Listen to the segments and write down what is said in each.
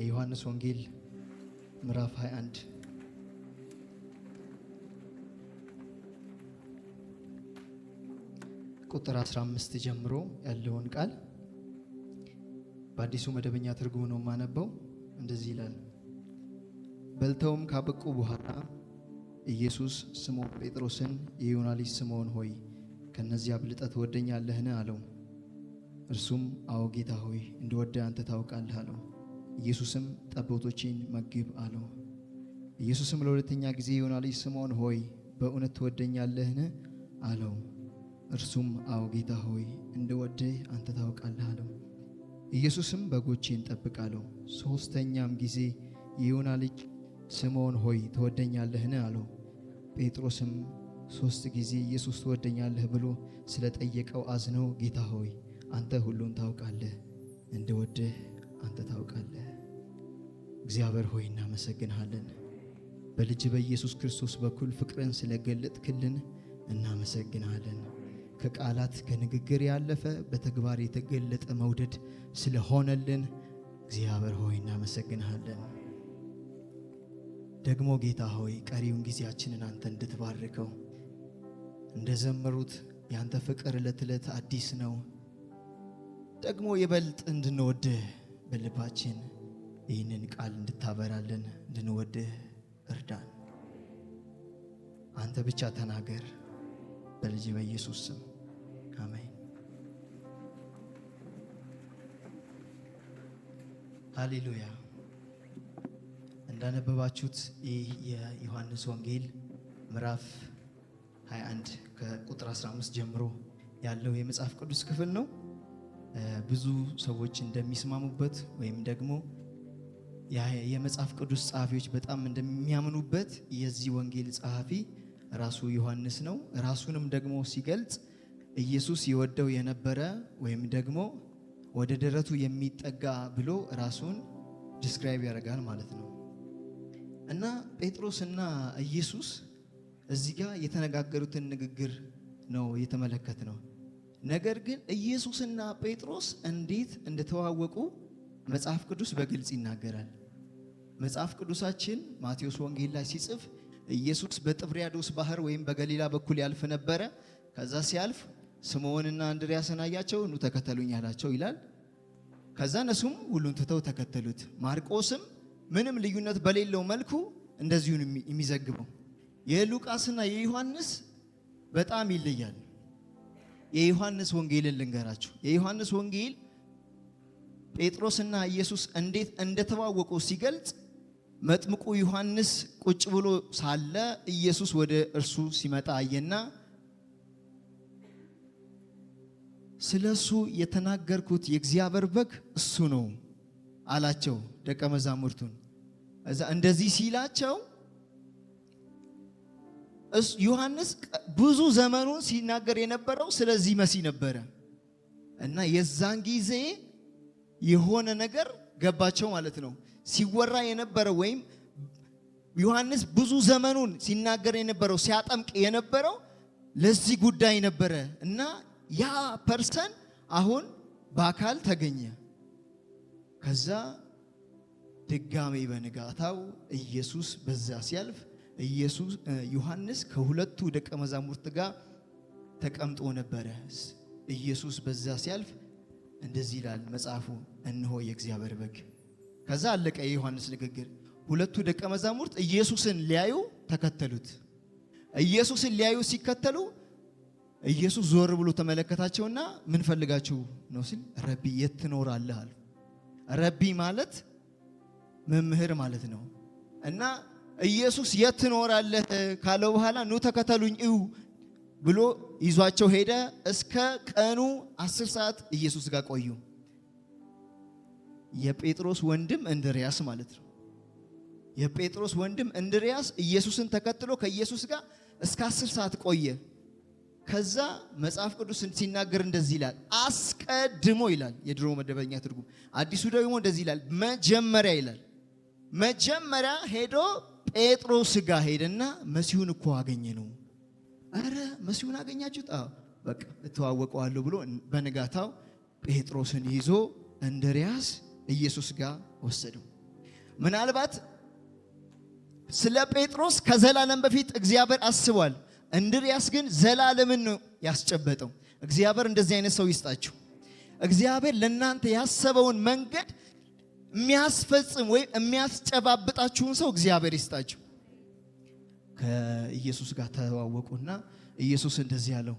የዮሐንስ ወንጌል ምዕራፍ 21 ቁጥር 15 ጀምሮ ያለውን ቃል በአዲሱ መደበኛ ትርጉም ነው የማነበው። እንደዚህ ይላል። በልተውም ካበቁ በኋላ ኢየሱስ ስምዖን ጴጥሮስን የዮና ልጅ ስምዖን ሆይ ከእነዚህ አብልጠህ ትወደኛለህን? አለው። እርሱም አዎ ጌታ ሆይ እንደወደ አንተ ታውቃለህ አለው። ኢየሱስም ጠቦቶችን መግብ አለው። ኢየሱስም ለሁለተኛ ጊዜ የዮና ልጅ ስምዖን ሆይ በእውነት ትወደኛለህን? አለው። እርሱም አዎ ጌታ ሆይ እንድወድህ አንተ ታውቃለህ አለው። ኢየሱስም በጎቼን ጠብቅ አለው። ሦስተኛም ጊዜ የዮና ልጅ ስምዖን ሆይ ትወደኛለህን? አለው። ጴጥሮስም ሦስት ጊዜ ኢየሱስ ትወደኛለህ ብሎ ስለጠየቀው አዝነው ጌታ ሆይ አንተ ሁሉን ታውቃለህ እንድወድህ አንተ ታውቃለህ። እግዚአብሔር ሆይ እናመሰግንሃለን። በልጅ በኢየሱስ ክርስቶስ በኩል ፍቅርን ስለገለጥክልን እናመሰግንሃለን። ከቃላት ከንግግር ያለፈ በተግባር የተገለጠ መውደድ ስለሆነልን እግዚአብሔር ሆይ እናመሰግንሃለን። ደግሞ ጌታ ሆይ ቀሪውን ጊዜያችንን አንተ እንድትባርከው እንደዘመሩት ያንተ ፍቅር ዕለት ዕለት አዲስ ነው። ደግሞ ይበልጥ እንድንወድህ በልባችን ይህንን ቃል እንድታበራልን እንድንወድህ እርዳን። አንተ ብቻ ተናገር። በልጅ በኢየሱስ ስም አሜን። ሃሌሉያ። እንዳነበባችሁት ይህ የዮሐንስ ወንጌል ምዕራፍ 21 ከቁጥር 15 ጀምሮ ያለው የመጽሐፍ ቅዱስ ክፍል ነው። ብዙ ሰዎች እንደሚስማሙበት ወይም ደግሞ የመጽሐፍ ቅዱስ ጸሐፊዎች በጣም እንደሚያምኑበት የዚህ ወንጌል ጸሐፊ ራሱ ዮሐንስ ነው። ራሱንም ደግሞ ሲገልጽ ኢየሱስ ይወደው የነበረ ወይም ደግሞ ወደ ደረቱ የሚጠጋ ብሎ ራሱን ዲስክራይብ ያደርጋል ማለት ነው። እና እና ኢየሱስ እዚህ ጋር የተነጋገሩትን ንግግር ነው የተመለከት ነው። ነገር ግን ኢየሱስና ጴጥሮስ እንዴት እንደተዋወቁ መጽሐፍ ቅዱስ በግልጽ ይናገራል። መጽሐፍ ቅዱሳችን ማቴዎስ ወንጌል ላይ ሲጽፍ ኢየሱስ በጥብሪያዶስ ባህር ወይም በገሊላ በኩል ያልፍ ነበረ። ከዛ ሲያልፍ ስምዖንና እንድርያስን አያቸው፣ ኑ ተከተሉኝ አላቸው ይላል። ከዛ እነሱም ሁሉን ትተው ተከተሉት። ማርቆስም ምንም ልዩነት በሌለው መልኩ እንደዚሁን የሚዘግበው የሉቃስና የዮሐንስ በጣም ይለያል። የዮሐንስ ወንጌልን ልንገራችሁ። የዮሐንስ ወንጌል ጴጥሮስና ኢየሱስ እንዴት እንደተዋወቁ ሲገልጽ መጥምቁ ዮሐንስ ቁጭ ብሎ ሳለ ኢየሱስ ወደ እርሱ ሲመጣ አየና ስለ እሱ የተናገርኩት የእግዚአብሔር በግ እሱ ነው አላቸው ደቀ መዛሙርቱን። እንደዚህ ሲላቸው ዮሐንስ ብዙ ዘመኑን ሲናገር የነበረው ስለዚህ መሲ ነበረ እና የዛን ጊዜ የሆነ ነገር ገባቸው ማለት ነው። ሲወራ የነበረው ወይም ዮሐንስ ብዙ ዘመኑን ሲናገር የነበረው ሲያጠምቅ የነበረው ለዚህ ጉዳይ ነበረ እና ያ ፐርሰን አሁን በአካል ተገኘ። ከዛ ድጋሜ በንጋታው ኢየሱስ በዛ ሲያልፍ ኢየሱስ ዮሐንስ ከሁለቱ ደቀ መዛሙርት ጋር ተቀምጦ ነበረ። ኢየሱስ በዛ ሲያልፍ እንደዚህ ይላል መጽሐፉ፣ እነሆ የእግዚአብሔር በግ። ከዛ አለቀ የዮሐንስ ንግግር። ሁለቱ ደቀ መዛሙርት ኢየሱስን ሊያዩ ተከተሉት። ኢየሱስን ሊያዩ ሲከተሉ ኢየሱስ ዞር ብሎ ተመለከታቸውና ምን ፈልጋችሁ ነው ሲል ረቢ የት ትኖራለህ አሉ። ረቢ ማለት መምህር ማለት ነው እና ኢየሱስ የት ትኖራለህ ካለው በኋላ ኑ ተከተሉኝ እዩ ብሎ ይዟቸው ሄደ። እስከ ቀኑ አስር ሰዓት ኢየሱስ ጋር ቆዩ። የጴጥሮስ ወንድም እንድሪያስ ማለት ነው። የጴጥሮስ ወንድም እንድሪያስ ኢየሱስን ተከትሎ ከኢየሱስ ጋር እስከ አስር ሰዓት ቆየ። ከዛ መጽሐፍ ቅዱስ ሲናገር እንደዚህ ይላል፣ አስቀድሞ ይላል የድሮ መደበኛ ትርጉም። አዲሱ ደግሞ እንደዚህ ይላል፣ መጀመሪያ ይላል። መጀመሪያ ሄዶ ጴጥሮስ ጋር ሄደና መሲሁን እኮ አገኘ ነው። አረ መሲሁን አገኛችሁት? በቃ እተዋወቀዋለሁ ብሎ በንጋታው ጴጥሮስን ይዞ እንድርያስ ኢየሱስ ጋር ወሰደው። ምናልባት ስለ ጴጥሮስ ከዘላለም በፊት እግዚአብሔር አስቧል። እንድርያስ ግን ዘላለምን ነው ያስጨበጠው። እግዚአብሔር እንደዚህ አይነት ሰው ይስጣችሁ። እግዚአብሔር ለእናንተ ያሰበውን መንገድ የሚያስፈጽም ወይም የሚያስጨባብጣችሁን ሰው እግዚአብሔር ይስጣችሁ። ከኢየሱስ ጋር ተዋወቁና ኢየሱስ እንደዚህ ያለው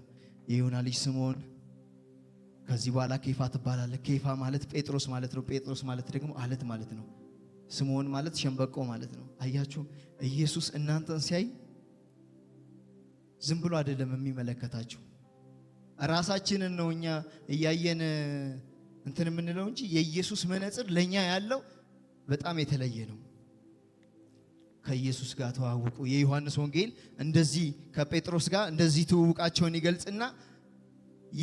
የዮና ልጅ ስምዖን ከዚህ በኋላ ኬፋ ትባላለህ። ኬፋ ማለት ጴጥሮስ ማለት ነው። ጴጥሮስ ማለት ደግሞ አለት ማለት ነው። ስምዖን ማለት ሸምበቆ ማለት ነው። አያችሁ፣ ኢየሱስ እናንተን ሲያይ ዝም ብሎ አይደለም የሚመለከታችሁ። ራሳችንን ነው እኛ እያየን እንትን የምንለው እንጂ የኢየሱስ መነጽር ለእኛ ያለው በጣም የተለየ ነው። ከኢየሱስ ጋር ተዋውቁ። የዮሐንስ ወንጌል እንደዚህ ከጴጥሮስ ጋር እንደዚህ ትውውቃቸውን ይገልጽና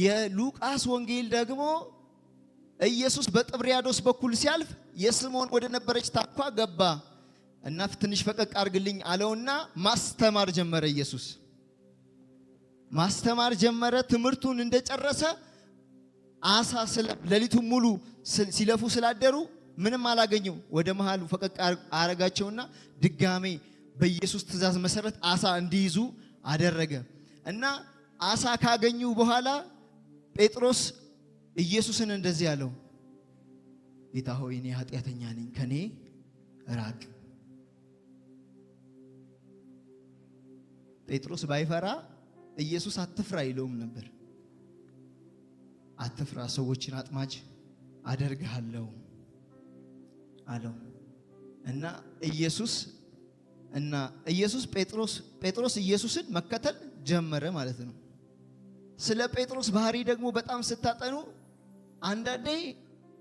የሉቃስ ወንጌል ደግሞ ኢየሱስ በጥብሪያዶስ በኩል ሲያልፍ የስምዖን ወደ ነበረች ታኳ ገባ እና ትንሽ ፈቀቅ አድርግልኝ አለውና ማስተማር ጀመረ። ኢየሱስ ማስተማር ጀመረ። ትምህርቱን እንደጨረሰ አሳ ሌሊቱን ሙሉ ሲለፉ ስላደሩ ምንም አላገኘው። ወደ መሃሉ ፈቀቅ አረጋቸውና ድጋሜ በኢየሱስ ትእዛዝ መሰረት አሳ እንዲይዙ አደረገ እና አሳ ካገኙ በኋላ ጴጥሮስ ኢየሱስን እንደዚህ አለው፣ ጌታ ሆይ እኔ ኃጢአተኛ ነኝ፣ ከኔ ራቅ። ጴጥሮስ ባይፈራ ኢየሱስ አትፍራ ይለውም ነበር። አትፍራ፣ ሰዎችን አጥማጅ አደርግሃለሁ አለው እና ኢየሱስ እና ኢየሱስ ጴጥሮስ ጴጥሮስ ኢየሱስን መከተል ጀመረ ማለት ነው። ስለ ጴጥሮስ ባህሪ ደግሞ በጣም ስታጠኑ አንዳንዴ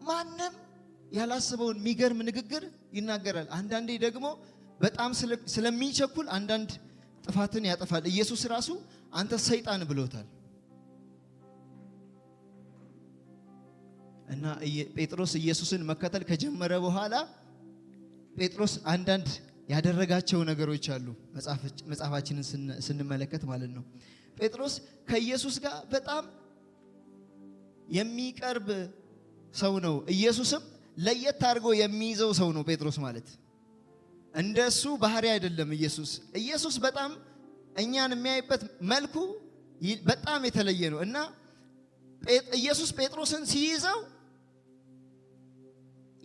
ማንም ያላስበውን የሚገርም ንግግር ይናገራል። አንዳንዴ ደግሞ በጣም ስለሚቸኩል አንዳንድ ጥፋትን ያጠፋል። ኢየሱስ ራሱ አንተ ሰይጣን ብሎታል። እና ጴጥሮስ ኢየሱስን መከተል ከጀመረ በኋላ ጴጥሮስ አንዳንድ ያደረጋቸው ነገሮች አሉ፣ መጽሐፋችንን ስንመለከት ማለት ነው። ጴጥሮስ ከኢየሱስ ጋር በጣም የሚቀርብ ሰው ነው። ኢየሱስም ለየት አድርጎ የሚይዘው ሰው ነው ጴጥሮስ ማለት። እንደሱ ባህሪ አይደለም ኢየሱስ። ኢየሱስ በጣም እኛን የሚያይበት መልኩ በጣም የተለየ ነው እና ኢየሱስ ጴጥሮስን ሲይዘው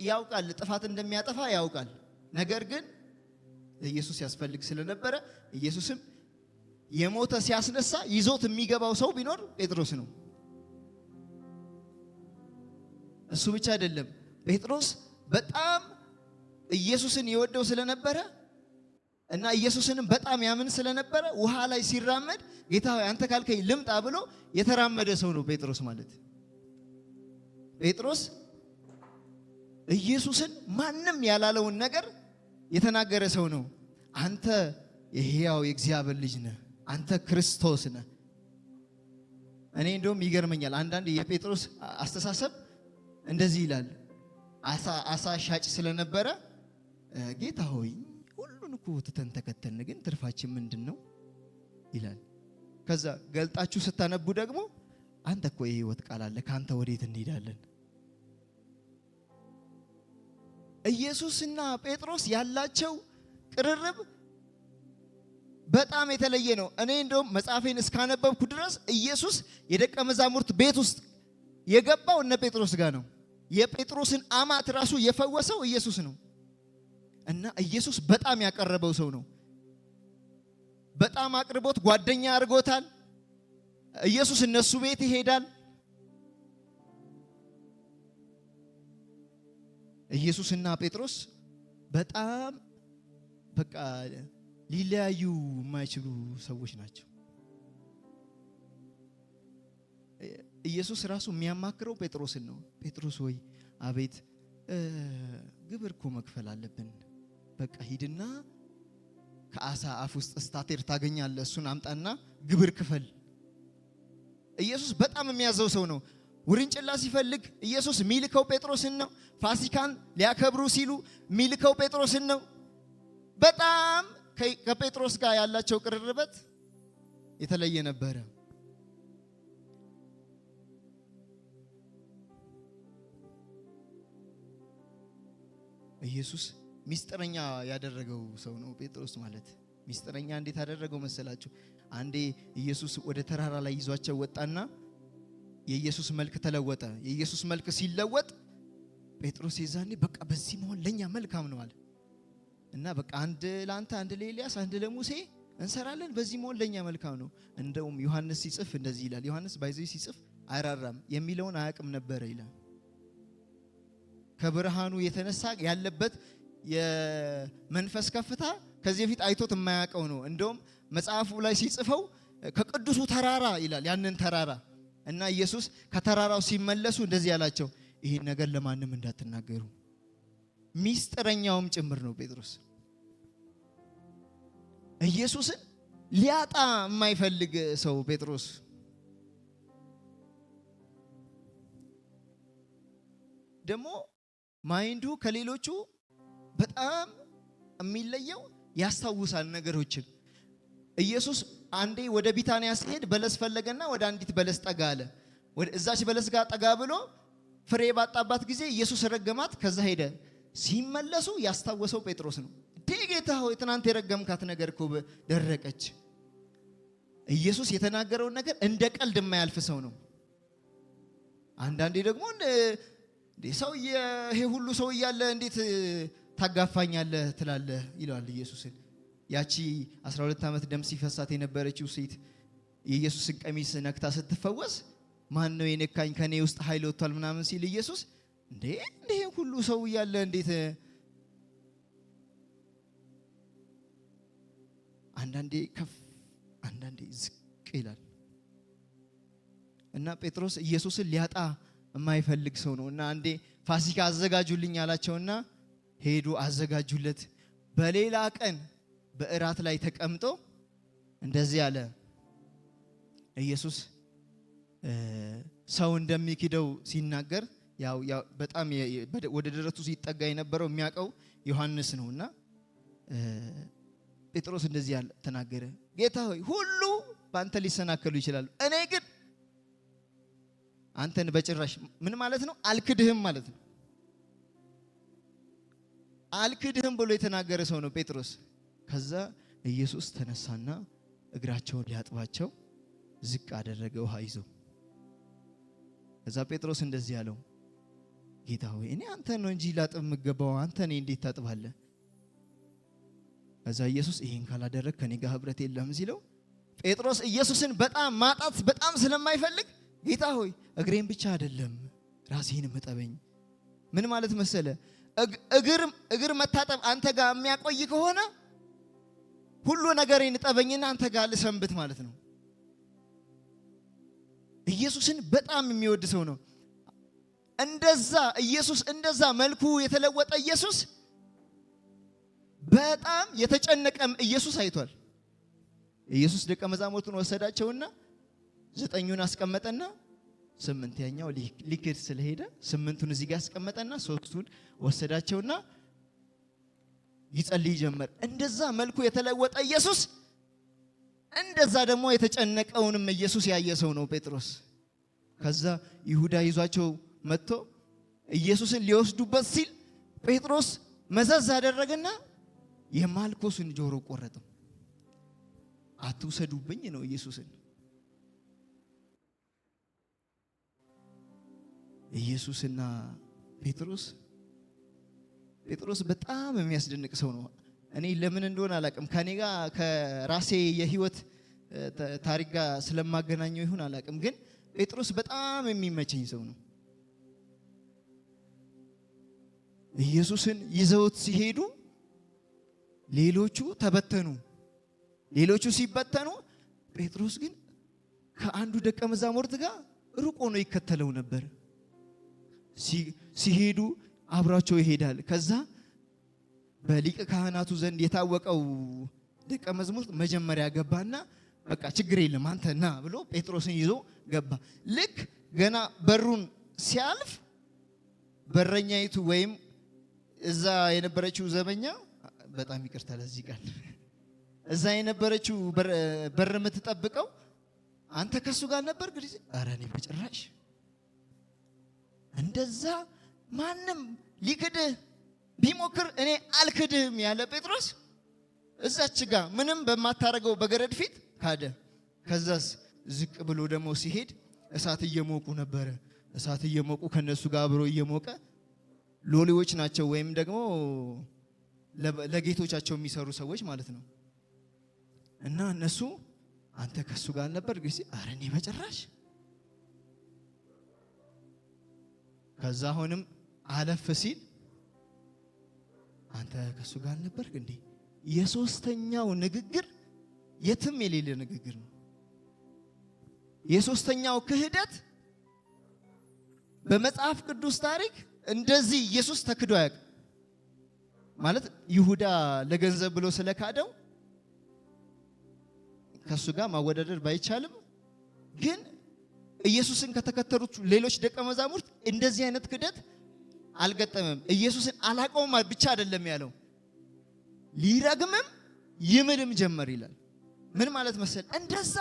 ያውቃል፣ ጥፋት እንደሚያጠፋ ያውቃል። ነገር ግን ኢየሱስ ያስፈልግ ስለነበረ ኢየሱስም የሞተ ሲያስነሳ ይዞት የሚገባው ሰው ቢኖር ጴጥሮስ ነው። እሱ ብቻ አይደለም፣ ጴጥሮስ በጣም ኢየሱስን ይወደው ስለነበረ እና ኢየሱስንም በጣም ያምን ስለነበረ ውሃ ላይ ሲራመድ ጌታ ሆይ አንተ ካልከኝ ልምጣ ብሎ የተራመደ ሰው ነው ጴጥሮስ ማለት ጴጥሮስ ኢየሱስን ማንም ያላለውን ነገር የተናገረ ሰው ነው። አንተ የሕያው የእግዚአብሔር ልጅ ነህ፣ አንተ ክርስቶስ ነህ። እኔ እንደውም ይገርመኛል አንዳንድ የጴጥሮስ አስተሳሰብ እንደዚህ ይላል። አሳ ሻጭ ስለነበረ ጌታ ሆይ ሁሉን እኮ ትተን ተከተልን፣ ግን ትርፋችን ምንድን ነው ይላል። ከዛ ገልጣችሁ ስታነቡ ደግሞ አንተ እኮ የህይወት ቃል አለ፣ ከአንተ ወዴት እንሄዳለን ኢየሱስና ጴጥሮስ ያላቸው ቅርርብ በጣም የተለየ ነው። እኔ እንደውም መጽሐፌን እስካነበብኩ ድረስ ኢየሱስ የደቀ መዛሙርት ቤት ውስጥ የገባው እነ ጴጥሮስ ጋር ነው። የጴጥሮስን አማት ራሱ የፈወሰው ኢየሱስ ነው እና ኢየሱስ በጣም ያቀረበው ሰው ነው። በጣም አቅርቦት ጓደኛ አድርጎታል። ኢየሱስ እነሱ ቤት ይሄዳል። ኢየሱስና ጴጥሮስ በጣም በቃ ሊለያዩ የማይችሉ ሰዎች ናቸው። ኢየሱስ ራሱ የሚያማክረው ጴጥሮስን ነው። ጴጥሮስ ወይ አቤት፣ ግብር እኮ መክፈል አለብን። በቃ ሂድና ከአሳ አፍ ውስጥ ስታቴር ታገኛለ። እሱን አምጣና ግብር ክፈል። ኢየሱስ በጣም የሚያዘው ሰው ነው። ውርንጭላ ሲፈልግ ኢየሱስ የሚልከው ጴጥሮስን ነው። ፋሲካን ሊያከብሩ ሲሉ የሚልከው ጴጥሮስን ነው። በጣም ከጴጥሮስ ጋር ያላቸው ቅርርበት የተለየ ነበረ። ኢየሱስ ሚስጥረኛ ያደረገው ሰው ነው ጴጥሮስ ማለት። ሚስጥረኛ እንዴት አደረገው መሰላችሁ? አንዴ ኢየሱስ ወደ ተራራ ላይ ይዟቸው ወጣና የኢየሱስ መልክ ተለወጠ። የኢየሱስ መልክ ሲለወጥ ጴጥሮስ የዛኔ በቃ በዚህ መሆን ለእኛ መልካም ነው አለ እና በቃ አንድ ለአንተ አንድ ለኤልያስ አንድ ለሙሴ እንሰራለን። በዚህ መሆን ለእኛ መልካም ነው። እንደውም ዮሐንስ ሲጽፍ እንደዚህ ይላል። ዮሐንስ ባይዘ ሲጽፍ አይራራም የሚለውን አያውቅም ነበረ ይላል። ከብርሃኑ የተነሳ ያለበት የመንፈስ ከፍታ ከዚህ በፊት አይቶት የማያውቀው ነው። እንደውም መጽሐፉ ላይ ሲጽፈው ከቅዱሱ ተራራ ይላል። ያንን ተራራ እና ኢየሱስ ከተራራው ሲመለሱ እንደዚህ ያላቸው ይህን ነገር ለማንም እንዳትናገሩ። ሚስጥረኛውም ጭምር ነው ጴጥሮስ። ኢየሱስን ሊያጣ የማይፈልግ ሰው ጴጥሮስ። ደግሞ ማይንዱ ከሌሎቹ በጣም የሚለየው ያስታውሳል ነገሮችን ኢየሱስ አንዴ ወደ ቢታንያ ሲሄድ በለስ ፈለገና ወደ አንዲት በለስ ጠጋ አለ። እዛች በለስ ጋር ጠጋ ብሎ ፍሬ ባጣባት ጊዜ ኢየሱስ ረገማት። ከዛ ሄደ። ሲመለሱ ያስታወሰው ጴጥሮስ ነው። ዴ ጌታ ሆይ ትናንት የረገምካት ነገር እኮ ደረቀች። ኢየሱስ የተናገረውን ነገር እንደ ቀልድ የማያልፍ ሰው ነው። አንዳንዴ ደግሞ ሰው ይሄ ሁሉ ሰው እያለ እንዴት ታጋፋኛለህ ትላለህ ይለዋል ኢየሱስን ያቺ 12 ዓመት ደም ሲፈሳት የነበረችው ሴት የኢየሱስን ቀሚስ ነክታ ስትፈወስ ማን ነው የነካኝ ከኔ ውስጥ ኃይል ወጥቷል ምናምን ሲል ኢየሱስ እንዴ እንዴ ሁሉ ሰው እያለ እንዴት አንዳንዴ ከፍ አንዳንዴ ዝቅ ይላል እና ጴጥሮስ ኢየሱስን ሊያጣ የማይፈልግ ሰው ነው እና አንዴ ፋሲካ አዘጋጁልኝ አላቸውና ሄዱ አዘጋጁለት በሌላ ቀን በእራት ላይ ተቀምጦ እንደዚህ አለ። ኢየሱስ ሰው እንደሚክደው ሲናገር ያው በጣም ወደ ደረቱ ሲጠጋ የነበረው የሚያውቀው ዮሐንስ ነውና ጴጥሮስ እንደዚህ ያለ ተናገረ። ጌታ ሆይ ሁሉ በአንተ ሊሰናከሉ ይችላሉ፣ እኔ ግን አንተን በጭራሽ። ምን ማለት ነው? አልክድህም ማለት ነው። አልክድህም ብሎ የተናገረ ሰው ነው ጴጥሮስ። ከዛ ኢየሱስ ተነሳና እግራቸውን ሊያጥባቸው ዝቅ አደረገ ውሃ ይዞ። ከዛ ጴጥሮስ እንደዚህ ያለው ጌታ ሆይ እኔ አንተ ነው እንጂ ላጥብ የምገባው አንተ እኔ እንዴት ታጥባለ ከዛ ኢየሱስ ይሄን ካላደረግ ከኔ ጋር ህብረት የለም ሲለው ጴጥሮስ ኢየሱስን በጣም ማጣት በጣም ስለማይፈልግ ጌታ ሆይ እግሬን ብቻ አይደለም ራሴን እጠበኝ። ምን ማለት መሰለ እግር መታጠብ አንተ ጋር የሚያቆይ ከሆነ ሁሉ ነገሬን ጠበኝና አንተ ጋር ልሰንብት ማለት ነው። ኢየሱስን በጣም የሚወድ ሰው ነው። እንደዛ ኢየሱስ እንደዛ መልኩ የተለወጠ ኢየሱስ በጣም የተጨነቀም ኢየሱስ አይቷል። ኢየሱስ ደቀ መዛሙርቱን ወሰዳቸውና ዘጠኙን አስቀመጠና ስምንተኛው ሊክድ ስለሄደ ስምንቱን እዚህ ጋር አስቀመጠና ሶስቱን ወሰዳቸውና ይጸልይ ጀመር። እንደዛ መልኩ የተለወጠ ኢየሱስ እንደዛ ደግሞ የተጨነቀውንም ኢየሱስ ያየ ሰው ነው ጴጥሮስ። ከዛ ይሁዳ ይዟቸው መጥቶ ኢየሱስን ሊወስዱበት ሲል ጴጥሮስ መዘዝ አደረገና የማልኮስን ጆሮ ቆረጠው። አትውሰዱብኝ ነው ኢየሱስን። ኢየሱስና ጴጥሮስ ጴጥሮስ በጣም የሚያስደንቅ ሰው ነው። እኔ ለምን እንደሆነ አላቅም ከኔ ጋር ከራሴ የህይወት ታሪክ ጋር ስለማገናኘው ይሁን አላቅም፣ ግን ጴጥሮስ በጣም የሚመቸኝ ሰው ነው። ኢየሱስን ይዘውት ሲሄዱ ሌሎቹ ተበተኑ። ሌሎቹ ሲበተኑ ጴጥሮስ ግን ከአንዱ ደቀ መዛሙርት ጋር ርቆ ነው ይከተለው ነበር ሲሄዱ አብሯቸው ይሄዳል። ከዛ በሊቀ ካህናቱ ዘንድ የታወቀው ደቀ መዝሙር መጀመሪያ ገባና በቃ ችግር የለም አንተ ና ብሎ ጴጥሮስን ይዞ ገባ። ልክ ገና በሩን ሲያልፍ በረኛይቱ ወይም እዛ የነበረችው ዘበኛ በጣም ይቅርታ ለዚህ ቃል እዛ የነበረችው በር የምትጠብቀው አንተ ከሱ ጋር ነበር። ኧረ እኔ በጭራሽ እንደዛ ማንም ሊክድህ ቢሞክር እኔ አልክድህም ያለ ጴጥሮስ እዛች ጋ ምንም በማታረገው በገረድ ፊት ካደ። ከዛስ ዝቅ ብሎ ደግሞ ሲሄድ እሳት እየሞቁ ነበረ። እሳት እየሞቁ ከነሱ ጋር አብሮ እየሞቀ ሎሌዎች ናቸው ወይም ደግሞ ለጌቶቻቸው የሚሰሩ ሰዎች ማለት ነው። እና እነሱ አንተ ከእሱ ጋር ነበር ጊዜ አረኔ መጨራሽ ከዛ አሁንም አለፍ ሲል አንተ ከእሱ ጋር አልነበርክ እንዴ? የሶስተኛው ንግግር የትም የሌለ ንግግር ነው። የሶስተኛው ክህደት በመጽሐፍ ቅዱስ ታሪክ እንደዚህ ኢየሱስ ተክዶ አያውቅም። ማለት ይሁዳ ለገንዘብ ብሎ ስለካደው ከእሱ ጋር ማወዳደር ባይቻልም ግን ኢየሱስን ከተከተሉት ሌሎች ደቀ መዛሙርት እንደዚህ አይነት ክህደት አልገጠምም። ኢየሱስን አላቀውም ብቻ አይደለም ያለው፣ ሊረግምም ይምልም ጀመር ይላል። ምን ማለት መሰል እንደዛ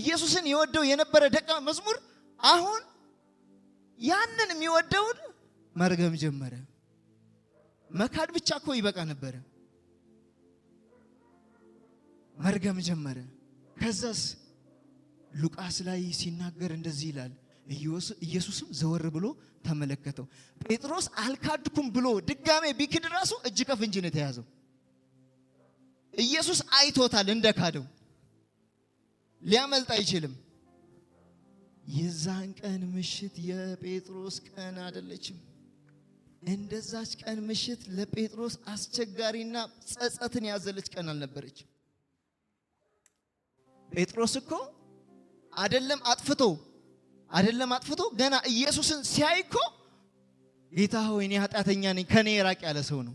ኢየሱስን የወደው የነበረ ደቀ መዝሙር አሁን ያንን የሚወደውን መርገም ጀመረ። መካድ ብቻ እኮ ይበቃ ነበረ። መርገም ጀመረ። ከዛስ ሉቃስ ላይ ሲናገር እንደዚህ ይላል ኢየሱስም ዘወር ብሎ ተመለከተው። ጴጥሮስ አልካድኩም ብሎ ድጋሜ ቢክድ ራሱ እጅ ከፍንጅ ነው የተያዘው። ኢየሱስ አይቶታል እንደ ካደው ሊያመልጥ አይችልም። የዛን ቀን ምሽት የጴጥሮስ ቀን አይደለችም። እንደዛች ቀን ምሽት ለጴጥሮስ አስቸጋሪና ጸጸትን ያዘለች ቀን አልነበረችም። ጴጥሮስ እኮ አይደለም አጥፍቶ አይደለም አጥፍቶ ገና ኢየሱስን ሲያይኮ ጌታ ሆይ እኔ ኃጢአተኛ ነኝ ከኔ ራቅ ያለ ሰው ነው።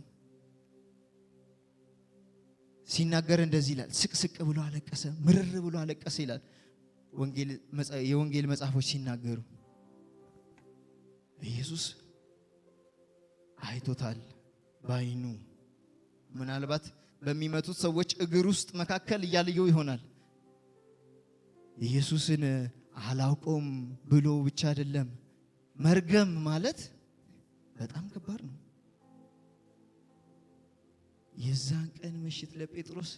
ሲናገር እንደዚህ ይላል፣ ስቅስቅ ብሎ አለቀሰ፣ ምርር ብሎ አለቀሰ ይላል የወንጌል መጽሐፎች ሲናገሩ። ኢየሱስ አይቶታል ባይኑ። ምናልባት በሚመቱት ሰዎች እግር ውስጥ መካከል እያልየው ይሆናል ኢየሱስን አላውቀውም ብሎ ብቻ አይደለም። መርገም ማለት በጣም ከባድ ነው። የዛን ቀን ምሽት ለጴጥሮስ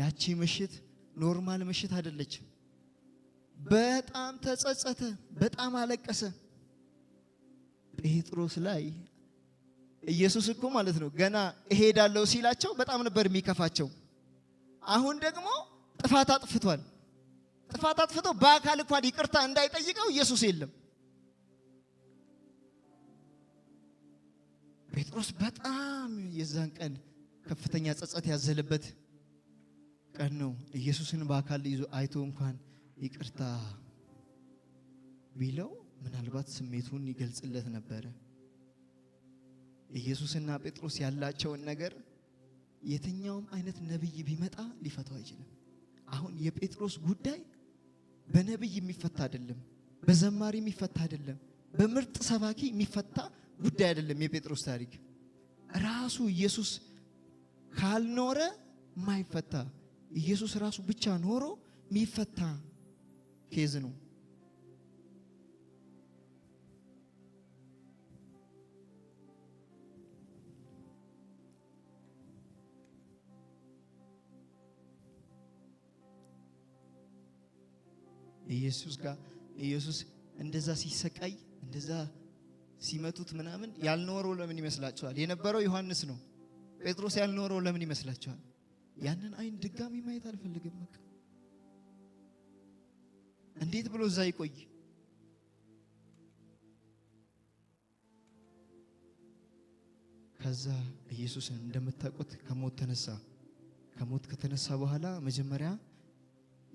ያቺ ምሽት ኖርማል ምሽት አይደለችም። በጣም ተጸጸተ፣ በጣም አለቀሰ። ጴጥሮስ ላይ ኢየሱስ እኮ ማለት ነው ገና እሄዳለሁ ሲላቸው በጣም ነበር የሚከፋቸው። አሁን ደግሞ ጥፋት አጥፍቷል። ጥፋት አጥፍቶ በአካል እንኳን ይቅርታ እንዳይጠይቀው ኢየሱስ የለም። ጴጥሮስ በጣም የዛን ቀን ከፍተኛ ጸጸት ያዘለበት ቀን ነው። ኢየሱስን በአካል ይዞ አይቶ እንኳን ይቅርታ ቢለው ምናልባት ስሜቱን ይገልጽለት ነበረ። ኢየሱስና ጴጥሮስ ያላቸውን ነገር የትኛውም አይነት ነቢይ ቢመጣ ሊፈታው አይችልም። አሁን የጴጥሮስ ጉዳይ በነቢይ የሚፈታ አይደለም፣ በዘማሪ የሚፈታ አይደለም፣ በምርጥ ሰባኪ የሚፈታ ጉዳይ አይደለም። የጴጥሮስ ታሪክ ራሱ ኢየሱስ ካልኖረ ማይፈታ ኢየሱስ ራሱ ብቻ ኖሮ የሚፈታ ኬዝ ነው። ኢየሱስ ጋር ኢየሱስ እንደዛ ሲሰቃይ እንደዛ ሲመቱት ምናምን ያልኖረው ለምን ይመስላችኋል? የነበረው ዮሐንስ ነው። ጴጥሮስ ያልኖረው ለምን ይመስላችኋል? ያንን አይን ድጋሚ ማየት አልፈልግም። በቃ እንዴት ብሎ እዛ ይቆይ? ከዛ ኢየሱስን እንደምታውቁት ከሞት ተነሳ። ከሞት ከተነሳ በኋላ መጀመሪያ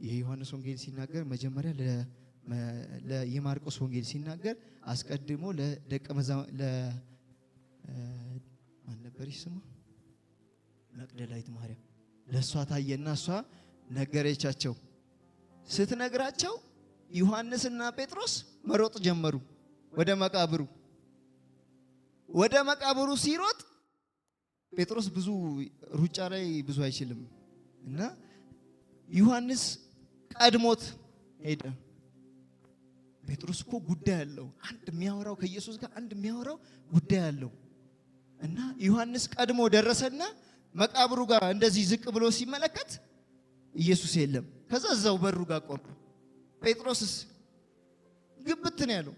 የዮሐንስ ወንጌል ሲናገር መጀመሪያ የማርቆስ ወንጌል ሲናገር አስቀድሞ ለደቀ ማን ነበረች ስሟ? መቅደላዊት ማርያም ለእሷ ታየና እሷ ነገረቻቸው። ስትነግራቸው ዮሐንስና ጴጥሮስ መሮጥ ጀመሩ ወደ መቃብሩ። ወደ መቃብሩ ሲሮጥ ጴጥሮስ ብዙ ሩጫ ላይ ብዙ አይችልም እና ዮሐንስ ቀድሞት ሄደ። ጴጥሮስ እኮ ጉዳይ አለው። አንድ የሚያወራው ከኢየሱስ ጋር አንድ የሚያወራው ጉዳይ አለው እና ዮሐንስ ቀድሞ ደረሰና መቃብሩ ጋር እንደዚህ ዝቅ ብሎ ሲመለከት ኢየሱስ የለም። ከዛ እዛው በሩ ጋር ቆመ። ጴጥሮስስ ግብት ነው ያለው።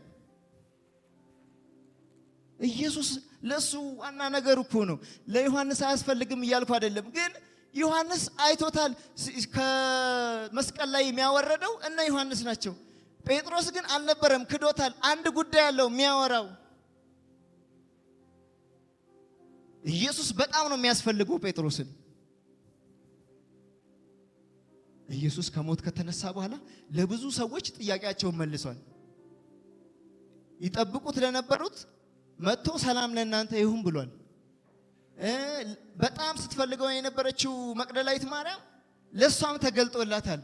ኢየሱስ ለእሱ ዋና ነገር እኮ ነው። ለዮሐንስ አያስፈልግም እያልኩ አይደለም ግን ዮሐንስ አይቶታል። ከመስቀል ላይ የሚያወረደው እነ ዮሐንስ ናቸው። ጴጥሮስ ግን አልነበረም፣ ክዶታል። አንድ ጉዳይ አለው የሚያወራው። ኢየሱስ በጣም ነው የሚያስፈልገው ጴጥሮስን። ኢየሱስ ከሞት ከተነሳ በኋላ ለብዙ ሰዎች ጥያቄያቸውን መልሷል። ይጠብቁት ለነበሩት መጥቶ ሰላም ለእናንተ ይሁን ብሏል። በጣም ስትፈልገው የነበረችው መቅደላዊት ማርያም ለእሷም ተገልጦላታል።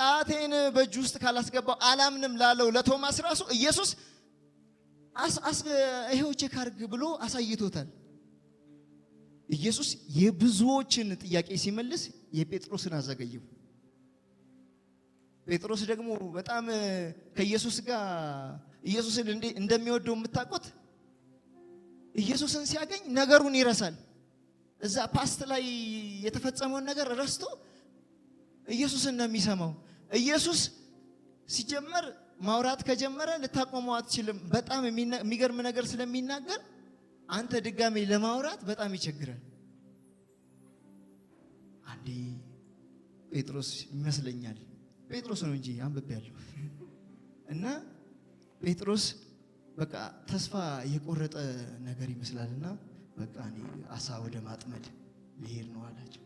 ጣቴን በእጅ ውስጥ ካላስገባው አላምንም ላለው ለቶማስ ራሱ ኢየሱስ ይሄው ቼክ አድርግ ብሎ አሳይቶታል። ኢየሱስ የብዙዎችን ጥያቄ ሲመልስ የጴጥሮስን አዘገየው። ጴጥሮስ ደግሞ በጣም ከኢየሱስ ጋር ኢየሱስን እንደሚወደው የምታውቁት ኢየሱስን ሲያገኝ ነገሩን ይረሳል። እዛ ፓስት ላይ የተፈጸመውን ነገር ረስቶ ኢየሱስን ነው የሚሰማው። ኢየሱስ ሲጀመር ማውራት ከጀመረ ልታቆመው አትችልም። በጣም የሚገርም ነገር ስለሚናገር አንተ ድጋሜ ለማውራት በጣም ይቸግራል። አንዴ ጴጥሮስ ይመስለኛል ጴጥሮስ ነው እንጂ አንብቤያለሁ እና ጴጥሮስ በቃ ተስፋ የቆረጠ ነገር ይመስላልና በቃ እኔ አሳ ወደ ማጥመድ ልሄድ ነው አላቸው።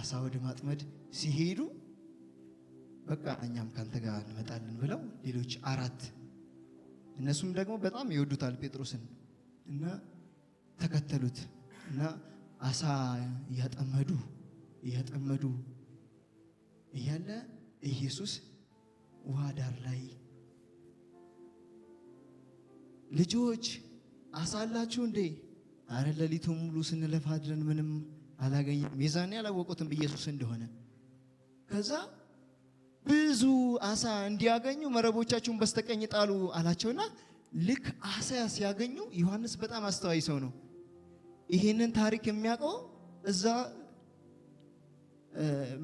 አሳ ወደ ማጥመድ ሲሄዱ በቃ እኛም ካንተ ጋር እንመጣለን ብለው ሌሎች አራት እነሱም ደግሞ በጣም ይወዱታል ጴጥሮስን እና ተከተሉት እና አሳ እያጠመዱ እያጠመዱ እያለ ኢየሱስ ውሃ ዳር ላይ ልጆች አሳላችሁ እንዴ? አረ ሌሊቱን ሙሉ ስንለፋ አድረን ምንም አላገኘም። የዛኔ አላወቁትም ኢየሱስ እንደሆነ። ከዛ ብዙ አሳ እንዲያገኙ መረቦቻችሁን በስተቀኝ ጣሉ አላቸውና ልክ አሳ ሲያገኙ፣ ዮሐንስ በጣም አስተዋይ ሰው ነው። ይህንን ታሪክ የሚያውቀው እዛ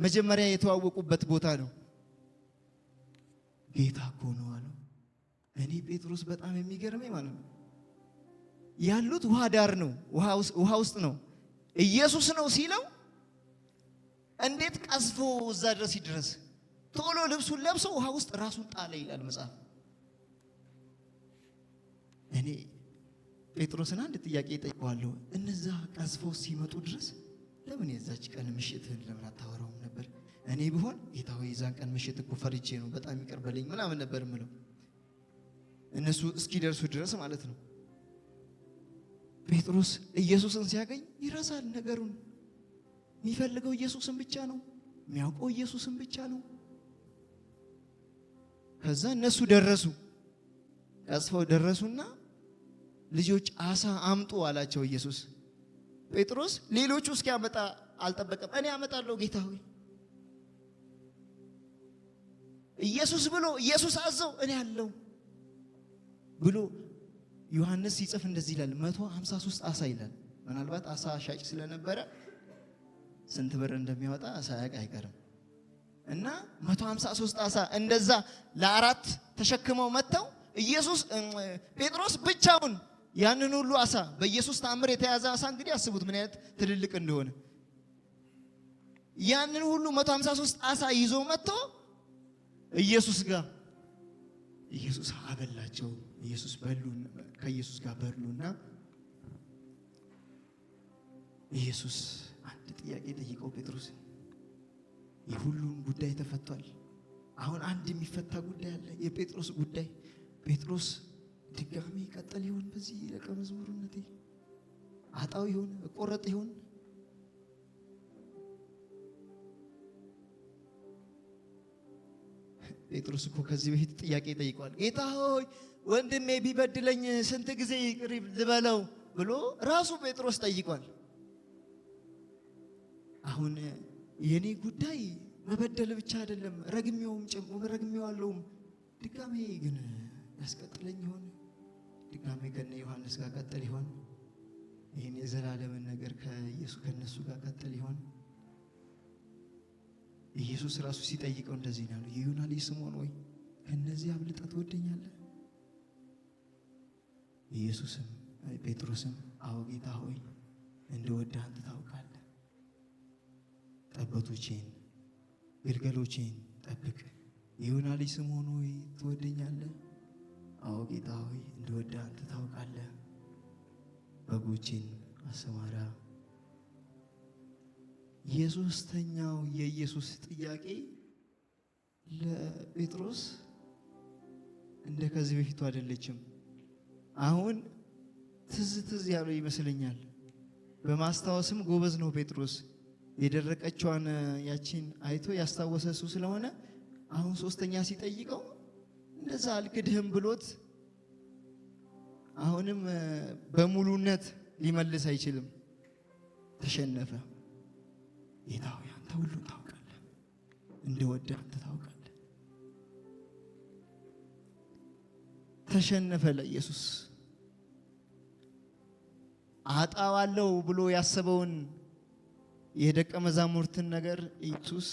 መጀመሪያ የተዋወቁበት ቦታ ነው። ጌታ እኮ ነው አለው። እኔ ጴጥሮስ በጣም የሚገርመኝ ማለት ነው ያሉት ውሃ ዳር ነው፣ ውሃ ውስጥ ነው። ኢየሱስ ነው ሲለው እንዴት ቀዝፎ እዛ ድረስ ይድረስ? ቶሎ ልብሱን ለብሶ ውሃ ውስጥ ራሱን ጣለ ይላል መጽሐፍ። እኔ ጴጥሮስን አንድ ጥያቄ ጠይቀዋለሁ። እነዛ ቀዝፎ ሲመጡ ድረስ ለምን የዛች ቀን ምሽትህን ለምን አታወራውም ነበር? እኔ ብሆን ጌታ ሆይ የዛን ቀን ምሽት እኮ ፈርቼ ነው በጣም ይቅር በለኝ ምናምን ነበር ምለው እነሱ እስኪደርሱ ድረስ ማለት ነው። ጴጥሮስ ኢየሱስን ሲያገኝ ይረሳል ነገሩን። የሚፈልገው ኢየሱስን ብቻ ነው፣ የሚያውቀው ኢየሱስን ብቻ ነው። ከዛ እነሱ ደረሱ፣ ቀጽፈው ደረሱና ልጆች አሳ አምጡ አላቸው ኢየሱስ። ጴጥሮስ ሌሎቹ እስኪያመጣ አልጠበቀም። እኔ አመጣለሁ ጌታ ሆይ ኢየሱስ ብሎ ኢየሱስ አዘው እኔ አለው ብሎ ዮሐንስ ሲጽፍ እንደዚህ ይላል፣ 153 አሳ ይላል። ምናልባት አሳ ሻጭ ስለነበረ ስንት ብር እንደሚያወጣ ሳያቅ አይቀርም። እና 153 አሳ እንደዛ ለአራት ተሸክመው መጥተው ኢየሱስ ጴጥሮስ ብቻውን ያንን ሁሉ አሳ በኢየሱስ ተአምር የተያዘ አሳ እንግዲህ አስቡት ምን አይነት ትልልቅ እንደሆነ ያንን ሁሉ 153 አሳ ይዞ መጥቶ ኢየሱስ ጋር ኢየሱስ አበላቸው። ኢየሱስ በሉ ከኢየሱስ ጋር በሉና ኢየሱስ አንድ ጥያቄ ጠይቀው ጴጥሮስ የሁሉም ጉዳይ ተፈቷል። አሁን አንድ የሚፈታ ጉዳይ አለ፣ የጴጥሮስ ጉዳይ። ጴጥሮስ ድጋሚ ቀጠል ይሆን? በዚህ ደቀ መዝሙርነቴ አጣው ይሆን? እቆረጥ ይሆን? ጴጥሮስ እኮ ከዚህ በፊት ጥያቄ ጠይቋል። ጌታ ሆይ ወንድሜ ቢበድለኝ ስንት ጊዜ ይቅር ልበለው ብሎ ራሱ ጴጥሮስ ጠይቋል። አሁን የኔ ጉዳይ መበደል ብቻ አይደለም፣ ረግሜውም ጭምር ረግሜዋለሁም። ድጋሜ ግን ያስቀጥለኝ ይሆን? ድጋሜ ከነ ዮሐንስ ጋር ቀጥል ይሆን? ይህን የዘላለምን ነገር ከኢየሱስ ከነሱ ጋር ቀጥል ይሆን? ኢየሱስ ራሱ ሲጠይቀው እንደዚህ ነው ያለው፣ የዮና ልጅ ስምዖን ወይ ከእነዚህ አብልጣ ትወደኛለህ? ኢየሱስም ጴጥሮስም አዎ ጌታ ሆይ እንደወደህ አንተ ታውቃለህ፣ ጠበቶቼን ግልገሎቼን ጠብቅ። የዮና ልጅ ስምዖን ሆይ ትወደኛለህ? አዎ ጌታ ሆይ እንደወደህ አንተ ታውቃለህ፣ በጎቼን አሰማራ የሶስተኛው የኢየሱስ ጥያቄ ለጴጥሮስ እንደ ከዚህ በፊቱ አይደለችም። አሁን ትዝ ትዝ ያለው ይመስለኛል። በማስታወስም ጎበዝ ነው ጴጥሮስ። የደረቀችዋን ያቺን አይቶ ያስታወሰ እሱ ስለሆነ አሁን ሶስተኛ ሲጠይቀው እንደዛ አልክድህም ብሎት አሁንም በሙሉነት ሊመልስ አይችልም። ተሸነፈ። ጌታ ሆይ አንተ ሁሉን ታውቃለህ፣ እንደ አንተ ታውቃለህ። ተሸነፈ ለኢየሱስ አጣዋለው ብሎ ያሰበውን የደቀ መዛሙርትን ነገር ኢየሱስ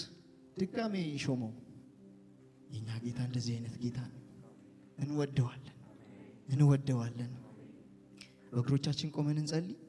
ድጋሜ ይሾመው። የኛ ጌታ እንደዚህ አይነት ጌታ እንወደዋለን፣ እንወደዋለን። በእግሮቻችን ቆመን እንጸልይ።